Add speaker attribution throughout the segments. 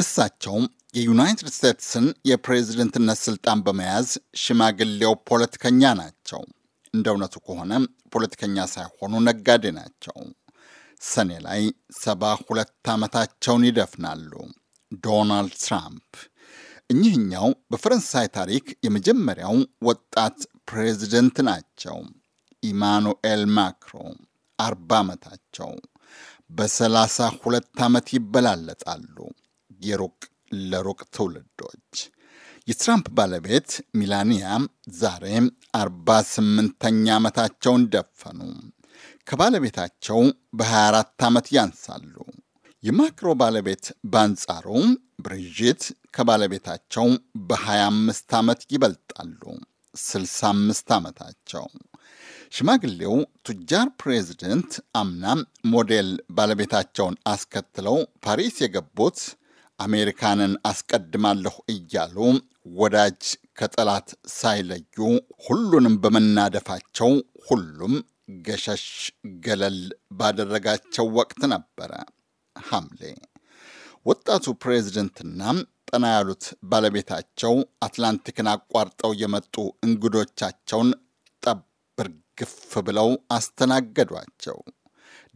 Speaker 1: እሳቸውም የዩናይትድ ስቴትስን የፕሬዝደንትነት ስልጣን በመያዝ ሽማግሌው ፖለቲከኛ ናቸው። እንደ እውነቱ ከሆነ ፖለቲከኛ ሳይሆኑ ነጋዴ ናቸው። ሰኔ ላይ ሰባ ሁለት ዓመታቸውን ይደፍናሉ። ዶናልድ ትራምፕ እኚህኛው በፈረንሳይ ታሪክ የመጀመሪያው ወጣት ፕሬዝደንት ናቸው። ኢማኑኤል ማክሮ አርባ ዓመታቸው በሰላሳ ሁለት ዓመት ይበላለጣሉ። የሩቅ ለሩቅ ትውልዶች የትራምፕ ባለቤት ሚላኒያ ዛሬ 48ኛ ዓመታቸውን ደፈኑ። ከባለቤታቸው በ24 ዓመት ያንሳሉ። የማክሮ ባለቤት በአንጻሩ ብሪጅት ከባለቤታቸው በ25 ዓመት ይበልጣሉ። 65 ዓመታቸው። ሽማግሌው ቱጃር ፕሬዚደንት አምና ሞዴል ባለቤታቸውን አስከትለው ፓሪስ የገቡት አሜሪካንን አስቀድማለሁ እያሉ ወዳጅ ከጠላት ሳይለዩ ሁሉንም በመናደፋቸው ሁሉም ገሸሽ ገለል ባደረጋቸው ወቅት ነበረ ሐምሌ። ወጣቱ ፕሬዝደንትና ጠና ያሉት ባለቤታቸው አትላንቲክን አቋርጠው የመጡ እንግዶቻቸውን ጠብር ግፍ ብለው አስተናገዷቸው።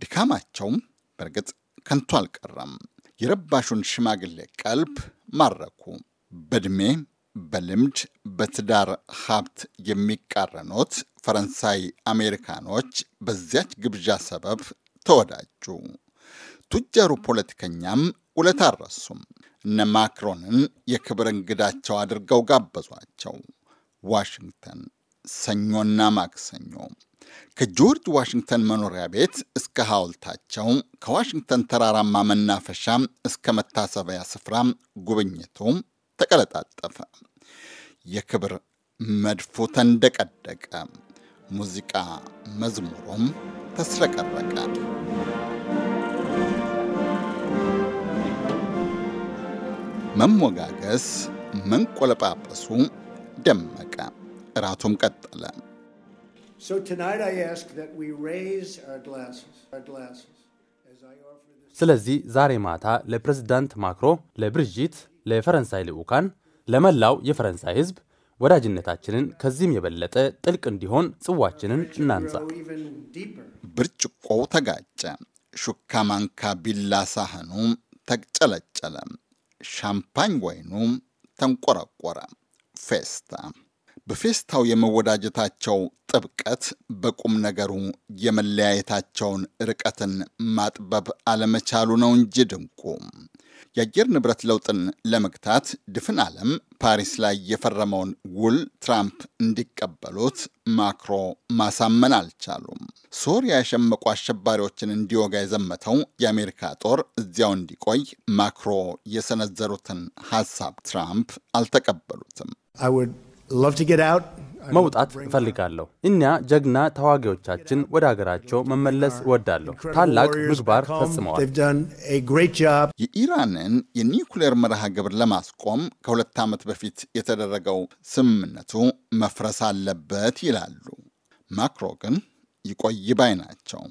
Speaker 1: ድካማቸውም በእርግጥ ከንቱ አልቀረም። የረባሹን ሽማግሌ ቀልብ ማረኩ። በእድሜ በልምድ በትዳር ሀብት የሚቃረኑት ፈረንሳይ አሜሪካኖች በዚያች ግብዣ ሰበብ ተወዳጁ። ቱጃሩ ፖለቲከኛም ውለታ አልረሱም። እነ ማክሮንን የክብር እንግዳቸው አድርገው ጋበዟቸው። ዋሽንግተን ሰኞና ማክሰኞ ከጆርጅ ዋሽንግተን መኖሪያ ቤት እስከ ሐውልታቸው ከዋሽንግተን ተራራማ መናፈሻ እስከ መታሰቢያ ስፍራ ጉብኝቱ ተቀለጣጠፈ። የክብር መድፎ ተንደቀደቀ። ሙዚቃ መዝሙሩም ተስረቀረቀ። መሞጋገስ መንቆለጳጳሱ ደመቀ።
Speaker 2: እራቱም ቀጠለ። ስለዚህ ዛሬ ማታ ለፕሬዝዳንት ማክሮ፣ ለብርዥት፣ ለፈረንሳይ ልዑካን፣ ለመላው የፈረንሳይ ሕዝብ ወዳጅነታችንን ከዚህም የበለጠ ጥልቅ እንዲሆን ጽዋችንን እናንሳ። ብርጭቆው
Speaker 1: ተጋጨ። ሹካ ማንካ ቢላ ሳህኑ ተቅጨለጨለ። ሻምፓኝ ወይኑ ተንቆረቆረ። ፌስታ በፌስታው የመወዳጀታቸው ጥብቀት በቁም ነገሩ የመለያየታቸውን ርቀትን ማጥበብ አለመቻሉ ነው እንጂ ድንቁ። የአየር ንብረት ለውጥን ለመግታት ድፍን ዓለም ፓሪስ ላይ የፈረመውን ውል ትራምፕ እንዲቀበሉት ማክሮ ማሳመን አልቻሉም። ሶሪያ የሸመቁ አሸባሪዎችን እንዲወጋ የዘመተው የአሜሪካ ጦር እዚያው እንዲቆይ ማክሮ
Speaker 2: የሰነዘሩትን ሀሳብ ትራምፕ አልተቀበሉትም። መውጣት እፈልጋለሁ። እኛ ጀግና ተዋጊዎቻችን ወደ ሀገራቸው መመለስ እወዳለሁ። ታላቅ ምግባር ፈጽመዋል።
Speaker 1: የኢራንን የኒውክሌር መርሃ ግብር ለማስቆም ከሁለት ዓመት በፊት የተደረገው ስምምነቱ መፍረስ አለበት ይላሉ። ማክሮ ግን ይቆይ ባይ ናቸው።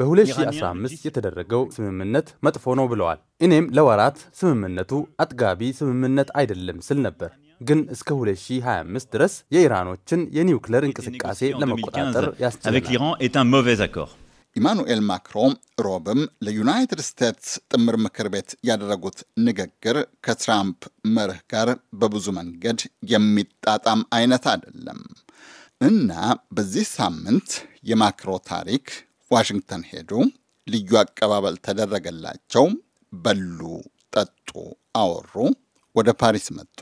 Speaker 2: በ2015 የተደረገው ስምምነት መጥፎ ነው ብለዋል። እኔም ለወራት ስምምነቱ አጥጋቢ ስምምነት አይደለም ስል ነበር ግን እስከ 2025 ድረስ የኢራኖችን የኒውክለር እንቅስቃሴ ለመቆጣጠር ያስችላል።
Speaker 1: ኢማኑኤል ማክሮን ሮብም ለዩናይትድ ስቴትስ ጥምር ምክር ቤት ያደረጉት ንግግር ከትራምፕ መርህ ጋር በብዙ መንገድ የሚጣጣም አይነት አይደለም እና በዚህ ሳምንት የማክሮ ታሪክ ዋሽንግተን ሄዱ፣ ልዩ አቀባበል ተደረገላቸው። በሉ፣ ጠጡ፣ አወሩ፣ ወደ ፓሪስ መጡ።